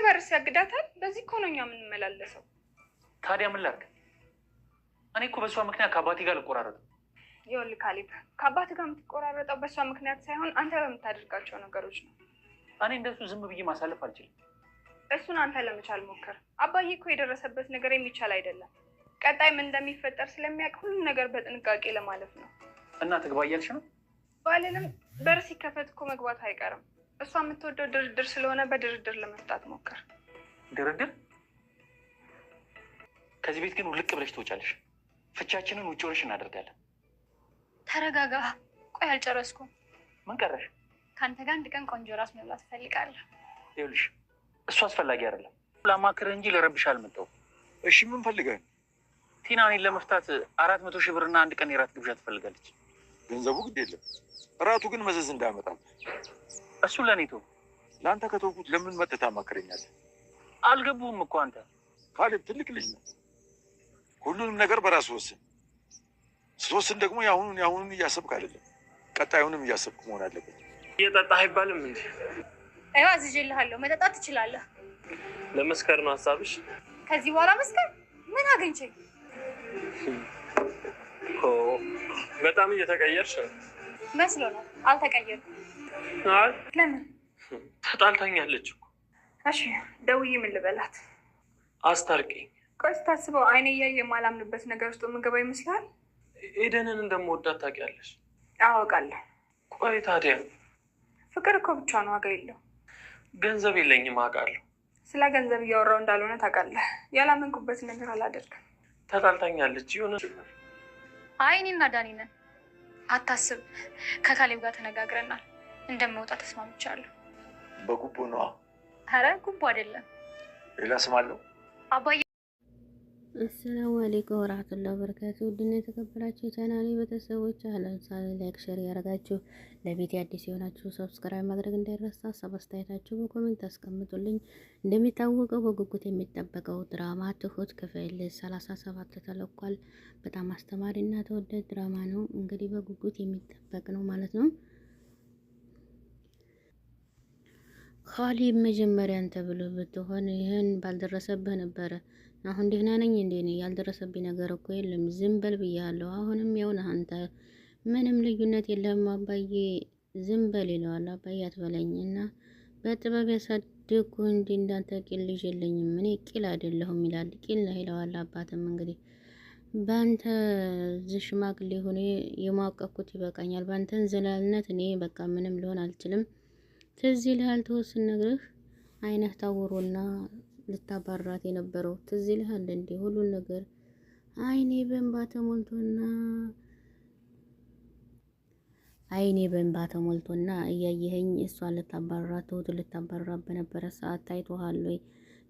ሌበርስ ያግዳታል። በዚህ እኮ ነው እኛ የምንመላለሰው። ታዲያ ምን ላድርግ? እኔ እኮ በእሷ ምክንያት ከአባቴ ጋር ልቆራረጥ። ይኸውልህ ካሌብ፣ ከአባቴ ጋር የምትቆራረጠው በእሷ ምክንያት ሳይሆን አንተ በምታደርጋቸው ነገሮች ነው። እኔ እንደሱ ዝም ብዬ ማሳለፍ አልችልም። እሱን አንተ ለመቻል ሞክር። አባዬ እኮ የደረሰበት ነገር የሚቻል አይደለም። ቀጣይ ምን እንደሚፈጠር ስለሚያውቅ ሁሉም ነገር በጥንቃቄ ለማለፍ ነው። እና ትግባ እያልሽ ነው? ባልንም በር ሲከፈት እኮ መግባት አይቀርም። እሷ የምትወደው ድርድር ስለሆነ በድርድር ለመፍታት ሞከር። ድርድር ከዚህ ቤት ግን ውልቅ ብለሽ ትወጫለሽ። ፍቻችንን ውጭ ሆነሽ እናደርጋለን። ተረጋጋ። ቆይ አልጨረስኩም። ምን ቀረሽ? ከአንተ ጋር አንድ ቀን ቆንጆ ራስ መብላት እፈልጋለሁ። ይኸውልሽ እሱ አስፈላጊ አይደለም። ላማክርህ እንጂ ልረብሽ አልመጣሁም። እሺ ምን ፈልገህ? ቲና እኔን ለመፍታት አራት መቶ ሺህ ብርና አንድ ቀን የራት ግብዣ ትፈልጋለች። ገንዘቡ ግድ የለም እራቱ ግን መዘዝ እንዳያመጣል እሱ ለእኔ ተው። ለአንተ ከተውኩት ለምን መጥተህ ታማክረኛለህ? አልገቡም እኮ አንተ ካሌብ ትልቅ ልጅ ነው። ሁሉንም ነገር በራሱ ወስን። ስትወስን ደግሞ የአሁኑን የአሁኑን እያሰብክ አይደለም፣ ቀጣዩንም እያሰብክ መሆን አለበት። እየጠጣህ አይባልም እንዴ? ይኸው አዝዤልሃለሁ፣ መጠጣት ትችላለህ። ለመስከር ነው ሀሳብሽ? ከዚህ በኋላ መስከር ምን አግኝቼ በጣም እየተቀየርሽ መስሎ ነው። አልተቀየርኩም ለምን ተጣልታኛለች እኮ። እሺ ደውዬ ምን ልበላት? አስታርቂኝ። ቆይ ስታስበው አይኔ እያየ የማላምንበት ነገር ውስጥ የምገባ ይመስላል። ኤደንን እንደምወዳት ታውቂያለሽ? አወቃለሁ። ቆይ ታዲያ ፍቅር እኮ ብቻዋን ዋጋ የለው። ገንዘብ የለኝም አውቃለሁ። ስለ ገንዘብ እያወራው እንዳልሆነ ታውቃለህ። ያላመንኩበት ነገር አላደርግም። ተጣልታኛለች የሆነ አይ እኔና ዳኒ ነን። አታስብ፣ ከካሌብ ጋር ተነጋግረናል። እንደምወጣ ተስማምቻለሁ። በጉቦ ነዋ። ኧረ ጉቦ አይደለም፣ ሌላ ስም አለው አባዬ። አሰላሙ አለይኩም ወራህመቱላ በረካቱ። ውድና የተከበራችሁ የቻናሌ ቤተሰቦች አለምሳሌ ላይክ፣ ሸር ያደረጋችሁ ለቤት አዲስ የሆናችሁ ሰብስክራይብ ማድረግ እንዳይረሳ። አስተያየታችሁ በኮሜንት አስቀምጡልኝ። እንደሚታወቀው በጉጉት የሚጠበቀው ድራማ ትሁት ክፍል ሰላሳ ተለቋል። በጣም አስተማሪና ተወዳጅ ድራማ ነው። እንግዲህ በጉጉት የሚጠበቅ ነው ማለት ነው። ካሌብ መጀመሪያ አንተ ብሎ ብትሆን ይህን ባልደረሰብህ ነበረ። አሁን ደህና ነኝ እንዴ? እኔ ያልደረሰብኝ ነገር እኮ የለም። ዝም በል ብያለሁ። አሁንም ያው ነህ አንተ። ምንም ልዩነት የለም። አባዬ ዝም በል ይለዋል። አባዬ አትበለኝ እና በጥበብ ያሳድግኩ እንዲ እንዳንተ ቂል ልጅ የለኝም። እኔ ቂል አይደለሁም ይላል። ቂል ነህ ይለዋል። አባትም እንግዲህ በአንተ እዚህ ሽማግሌ የማቀኩት የማወቀኩት ይበቃኛል። በአንተን ዘላልነት እኔ በቃ ምንም ሊሆን አልችልም። ትዝ ይልሃል ትወስ ነግርህ አይነህ ታውሮና ልታባራት የነበረው ትዝ ይልሃል እንዴ? ሁሉን ነገር አይኔ በእንባ ተሞልቶና አይኔ በእንባ ተሞልቶና እያየኸኝ እሷን ልታባራት ትሁት ልታባራት በነበረ ሰዓት ታይቶሃል ወይ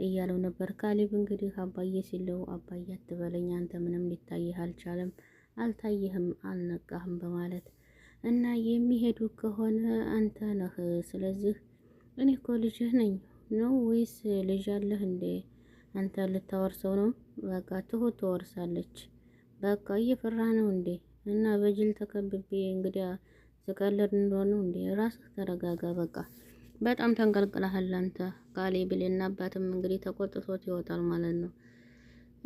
እያለው ነበር። ካሌብ እንግዲህ አባዬ ሲለው አባዬ አትበለኝ አንተ ምንም ሊታይህ አልቻለም፣ አልታየህም፣ አልነቃህም በማለት እና የሚሄዱ ከሆነ አንተ ነህ። ስለዚህ እኔ እኮ ልጅህ ነኝ ነው ወይስ ልጅ አለህ እንዴ? አንተ ልታወርሰው ነው? በቃ ትሁት ትወርሳለች። በቃ እየፈራ ነው እንዴ? እና በጅል ተከብቤ እንግዲህ ስቀልድ እንደሆነ እንዴ? ራስህ ተረጋጋ። በቃ በጣም ተንቀልቅለሃል አንተ። ቃሌ ብሌና አባትም እንግዲህ ተቆጥቶት ይወጣል ማለት ነው።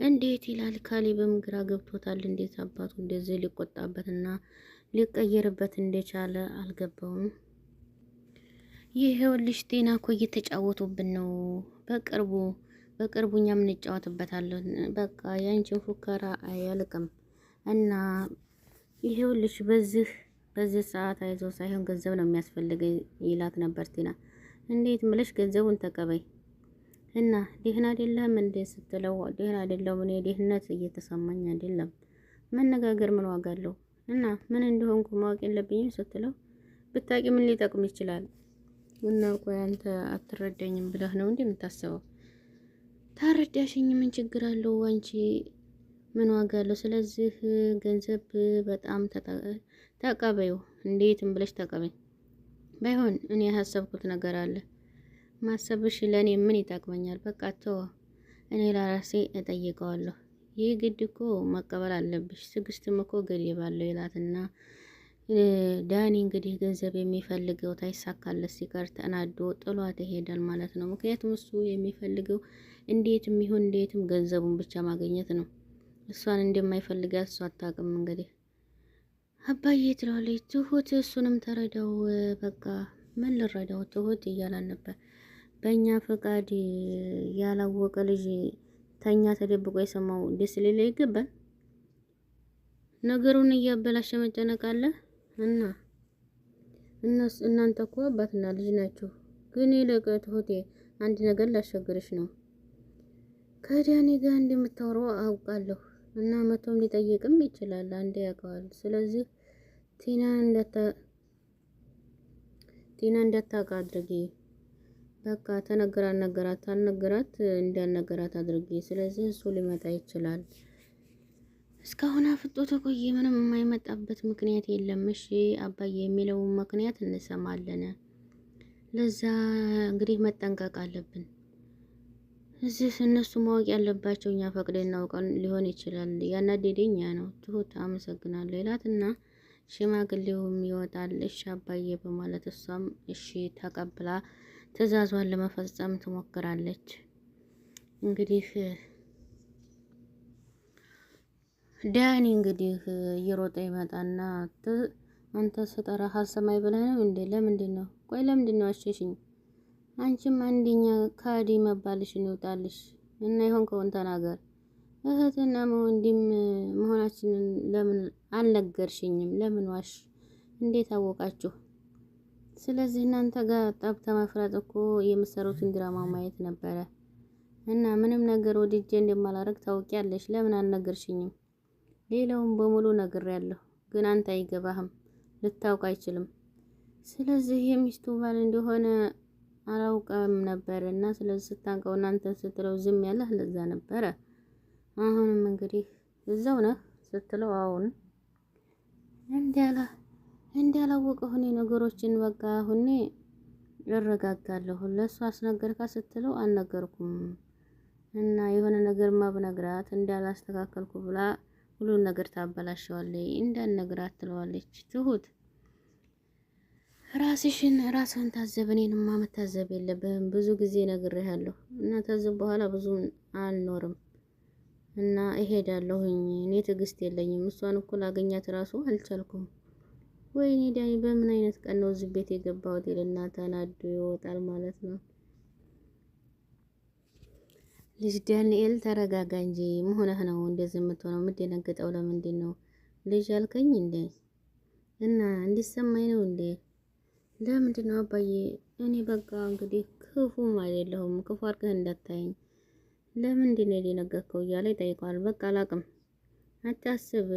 እንዴት ይላል። ካሌብም ግራ ገብቶታል። እንዴት አባቱ እንደዚህ ሊቆጣበትና ሊቀየርበት እንደቻለ አልገባውም። ይሄውልሽ ጤና እኮ እየተጫወቱብን ነው። በቅርቡ በቅርቡ እኛም እንጫወትበታለን። በቃ ያንቺን ፉከራ አያልቅም እና ልጅ በዚህ በዚህ ሰዓት አይዞ ሳይሆን ገንዘብ ነው የሚያስፈልገ ይላት ነበር ቲና። እንዴት ምለሽ ገንዘቡን ተቀበይ እና ደህና አይደለም እንዴ ስትለው ደህና አይደለም፣ እኔ ደህንነት እየተሰማኝ አይደለም፣ መነጋገር ምን ዋጋ አለው እና ምን እንደሆንኩ ማወቅ የለብኝም ስትለው ብታቂ ምን ሊጠቅም ይችላል እና ቆይ አንተ አትረዳኝም ብለህ ነው እንዴ የምታስበው? ታረዳሽኝ ምን ችግር አለው አንቺ ምን ዋጋ አለው? ስለዚህ ገንዘብ በጣም ተቀበዩ፣ እንዴትም ብለሽ ተቀበይ። ባይሆን እኔ ያሰብኩት ነገር አለ ማሰብሽ ለእኔ ምን ይጠቅመኛል? በቃ ተወ። እኔ ለራሴ እጠይቀዋለሁ። ይህ ግድ እኮ መቀበል አለብሽ። ትዕግስትም እኮ ገደብ አለው ይላትና ዳኒ እንግዲህ ገንዘብ የሚፈልገው ታይሳካለት ሲቀር ተናዶ ጥሏት ይሄዳል ማለት ነው። ምክንያቱም እሱ የሚፈልገው እንዴትም ይሁን እንዴትም ገንዘቡን ብቻ ማግኘት ነው። እሷን እንደማይፈልጋት እሷ አታውቅም። እንግዲህ አባዬ ትለዋለች ትሁት። እሱንም ተረዳው በቃ ምን ልረዳው ትሁት እያላን ነበር በእኛ ፈቃድ ያላወቀ ልጅ ተኛ ተደብቆ የሰማው ደስ ሊለ ይገባል። ነገሩን እያበላሸ መጨነቅ አለ እና እነሱ እናንተ እኮ አባትና ልጅ ናችሁ። ግን ይልቅ ትሁቴ አንድ ነገር ላሻገርሽ ነው። ከዳኒ ጋር እንደምታወራው አውቃለሁ እና መቶም ሊጠይቅም ይችላል። አንዴ ያውቀዋል። ስለዚህ ቲና እንዳታ ቲና እንዳታውቅ አድርጊ። በቃ ተነገር ነገራት አልነገራት እንዳነገራት አድርጌ፣ ስለዚህ እሱ ሊመጣ ይችላል። እስካሁን አፍጦ ተቆየ። ምንም የማይመጣበት ምክንያት የለም። እሺ አባዬ የሚለውን ምክንያት እንሰማለን። ለዛ እንግዲህ መጠንቀቅ አለብን። እዚህ እነሱ ማወቅ ያለባቸው እኛ ፈቅደን እናውቀን ሊሆን ይችላል። ያናደደኛ ነው። ትሁት አመሰግናለሁ ይላትና ሽማግሌውም ይወጣል። እሺ አባዬ በማለት እሷም እሺ ተቀብላ ትዕዛዟን ለመፈጸም ትሞክራለች። እንግዲህ ዳኒ እንግዲህ እየሮጠ ይመጣና አንተ ስጠራህ አሰማኝ ብለህ ነው እንዴ? ለምንድን ነው ቆይ ለምንድን ነው አሸሽኝ? አንቺም አንደኛ ካዲ መባልሽን ይውጣልሽ እና ይሆን ከሆን ተናገር። እህትና ወንድም መሆናችንን ለምን አልነገርሽኝም? ለምን ዋሽ? እንዴት አወቃችሁ? ስለዚህ እናንተ ጋር ጠብ ተመፍረጥ እኮ የምሰሩትን ድራማ ማየት ነበረ እና ምንም ነገር ወድጄ እንደማላረግ ታውቂያለሽ። ለምን አልነገርሽኝም? ሌላውን በሙሉ ነግሬያለሁ፣ ግን አንተ አይገባህም፣ ልታውቅ አይችልም። ስለዚህ የሚስቱ ባል እንደሆነ አላውቀም ነበር እና ስለዚህ ስታንቀው እናንተ ስትለው ዝም ያለህ ለዛ ነበረ። አሁንም እንግዲህ እዛው ነህ ስትለው አሁን እንዲያለህ እንዳላወቀ ሁኔ ነገሮችን በቃ ሁኔ እረጋጋለሁ። ለእሱ አስነገርካ ስትለው አልነገርኩም እና የሆነ ነገር ማብነግራት እንዳላስተካከልኩ ብላ ሁሉን ነገር ታበላሸዋለች። እንዳልነግራት ትለዋለች። ትሁት ራስሽን ራስን ታዘብ፣ እኔንማ መታዘብ የለብህም ብዙ ጊዜ ነግሬሃለሁ። እና ተዝብ በኋላ ብዙ አልኖርም እና እሄዳለሁኝ። እኔ ትዕግስት የለኝም። እሷን እኮ ላገኛት ራሱ አልቻልኩም። ወይኔ ዳኒ በምን አይነት ቀን ነው እዚህ ቤት የገባሁት? ይልና ተናዶ ይወጣል ማለት ነው። ልጅ ዳንኤል ተረጋጋ እንጂ መሆንህ ነው እንደዚህ የምትሆነው? የምትደነግጠው ለምንድን ነው? ልጅ አልከኝ እንዴ? እና እንዲሰማኝ ነው እንዴ? ለምንድን ነው አባዬ? እኔ በቃ እንግዲህ ክፉም አይደለሁም፣ ክፉ አድርገህ እንዳታየኝ። ለምንድን ነው የደነገጥከው? እያለ ይጠይቀዋል። በቃ አላቅም፣ አታስብ፣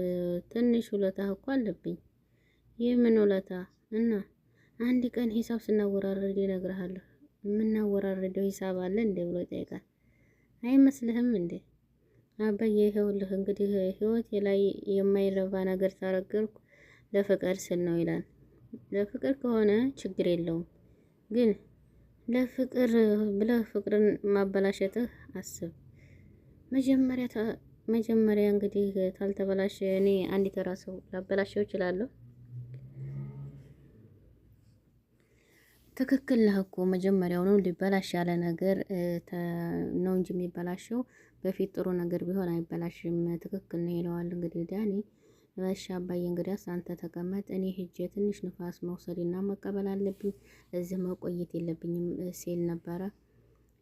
ትንሽ ውለታህ እኮ አለብኝ ይህ ምን ውለታ እና አንድ ቀን ሂሳብ ስናወራረድ ይነግርሃለሁ። የምናወራረደው ሂሳብ አለ እንዴ ብሎ ይጠይቃል። አይመስልህም እንዴ አባዬ? ይኸውልህ እንግዲህ ህይወቴ ላይ የማይረባ ነገር ታረገርኩ ለፍቅር ስል ነው ይላል። ለፍቅር ከሆነ ችግር የለውም ግን ለፍቅር ብለህ ፍቅርን ማበላሸትህ አስብ መጀመሪያ መጀመሪያ እንግዲህ ካልተበላሸ እኔ አንድ ሰው ላበላሸው እችላለሁ። ትክክል ነህ እኮ መጀመሪያውኑ ሊበላሽ ያለ ነገር ነው እንጂ የሚበላሸው በፊት ጥሩ ነገር ቢሆን አይበላሽም። ትክክል ነው ይለዋል። እንግዲህ ዳኒ እሺ አባዬ እንግዲያስ አንተ ተቀመጥ፣ እኔ ሂጄ ትንሽ ንፋስ መውሰድና መቀበል አለብኝ፣ እዚህ መቆየት የለብኝም ሲል ነበረ።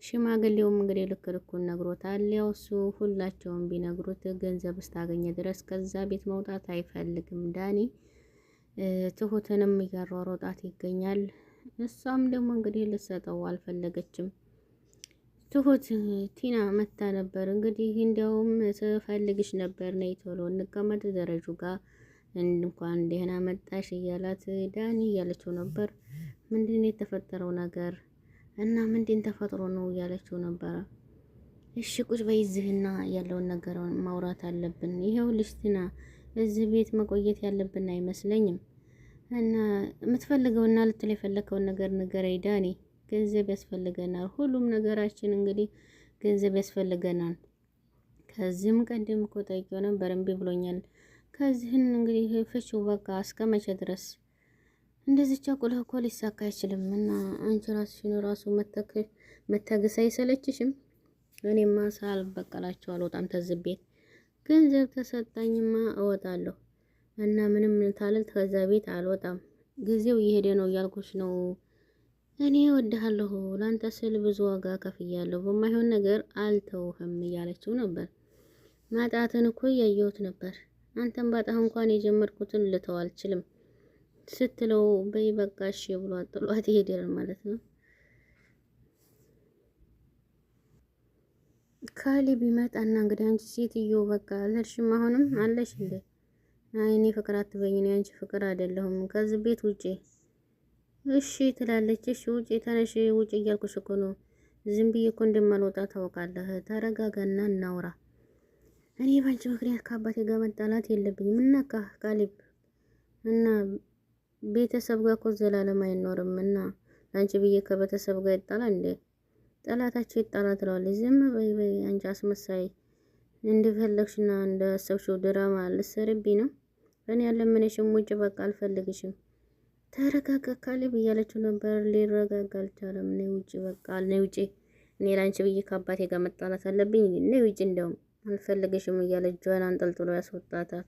ሽማግሌውም እንግዲህ ልክ ልኩን ነግሮታል። ያው እሱ ሁላቸውም ቢነግሩት ገንዘብ እስታገኘ ድረስ ከዛ ቤት መውጣት አይፈልግም ዳኒ። ትሁትንም እያሯሯጣት ይገኛል። እሷም ደግሞ እንግዲህ ልሰጠው አልፈለገችም። ትሁት ቲና መታ ነበር እንግዲህ እንዲያውም ስፈልግሽ ነበር ነይ ቶሎ እንቀመጥ ደረጁ ጋር እንኳን ደህና መጣሽ እያላት ዳኒ እያለችው ነበር። ምንድን የተፈጠረው ነገር እና ምንድን ተፈጥሮ ነው እያለችው ነበረ። እሺ ቁጭ በይ እዚህና ያለውን ነገር ማውራት አለብን። ይኸው ልጅ ቲና እዚህ ቤት መቆየት ያለብን አይመስለኝም። እና የምትፈልገውና ልትል የፈለግከውን ነገር ንገረኝ ዳኒ። ገንዘብ ያስፈልገናል። ሁሉም ነገራችን እንግዲህ ገንዘብ ያስፈልገናል። ከዚህም ቀደም እኮ ጠይቄው ነበር፣ እምቢ ብሎኛል። ከዚህን እንግዲህ ፍቺው በቃ እስከ መቼ ድረስ እንደዚህ ቸኩለህ እኮ ሊሳካ አይችልም። እና አንቺ ራስሽን ራሱ መታገስ አይሰለችሽም? እኔማ ሳልበቀላቸው አልወጣም። ተዝቤት ገንዘብ ተሰጣኝማ እወጣለሁ። እና ምንም ታልል ከዛ ቤት አልወጣም። ጊዜው እየሄደ ነው እያልኩሽ ነው። እኔ ወድሃለሁ፣ ላንተ ስል ብዙ ዋጋ ከፍያለሁ፣ በማይሆን ነገር አልተውህም እያለችው ነበር። ማጣትን እኮ እያየሁት ነበር። አንተም ባጣህ እንኳን የጀመርኩትን ልተው አልችልም ስትለው በይ በቃሽ ብሎ ጥሏት ይሄዳል ማለት ነው። ካሊ ቢመጣና እንግዲህ አንቺ ሴትዮ በቃ አለሽም አሁንም አለሽ እንዴ? አይኔ ፍቅር አትበይኝ፣ እኔ አንቺ ፍቅር አይደለሁም፣ ከዚህ ቤት ውጪ። እሺ ትላለች። እሺ ውጪ፣ ተነሽ፣ ውጪ እያልኩሽ እኮ ነው። ዝም ብዬ እኮ እንደማልወጣ ታውቃለህ። ተረጋጋና እናውራ። እኔ ባንቺ ምክንያት ከአባቴ ጋር መጣላት የለብኝም እና ካሌብ እና ቤተሰብ ጋር እኮ ዘላለም አይኖርም እና አንቺ ብዬ ከቤተሰብ ጋር ይጣላል እንዴ? ጠላታቸው ይጣላ ትለዋለች። ዝም በይ በይ አንቺ አስመሳይ፣ እንደፈለግሽና እንደሰብሽው ድራማ ልትሰርቢ ነው። እኔ ያለምንሽም ውጭ በቃ አልፈልግሽም። ተረጋጋ ካሌብ እያለችው ነበር። ሊረጋጋ አልቻለም። ነይ ውጭ በቃ ነይ ውጭ፣ እኔ ላንቺ ብዬ ከአባቴ ጋር መጣላት አለብኝ። ነይ ውጭ፣ እንደውም አልፈልግሽም እያለ እጇን አንጠልጥሎ ያስወጣታል።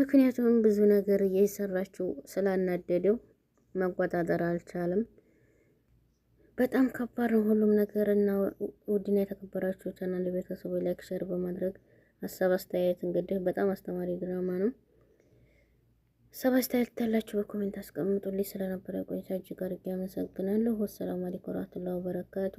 ምክንያቱም ብዙ ነገር እየሰራችው ስላናደደው መቆጣጠር አልቻለም። በጣም ከባድ ነው ሁሉም ነገር እና ውድና የተከበራችሁ ቻናል ቤተሰቦች ላይክ፣ ሸር በማድረግ ሀሳብ አስተያየት እንግዲህ በጣም አስተማሪ ድራማ ነው። ሰብ አስተያየት በኮሜንት አስቀምጡልኝ። ስለነበረ ቆይታ እጅግ አድርጌ አመሰግናለሁ። ወሰላሙ አለይኩም ወራህመቱላሂ ወበረካቱ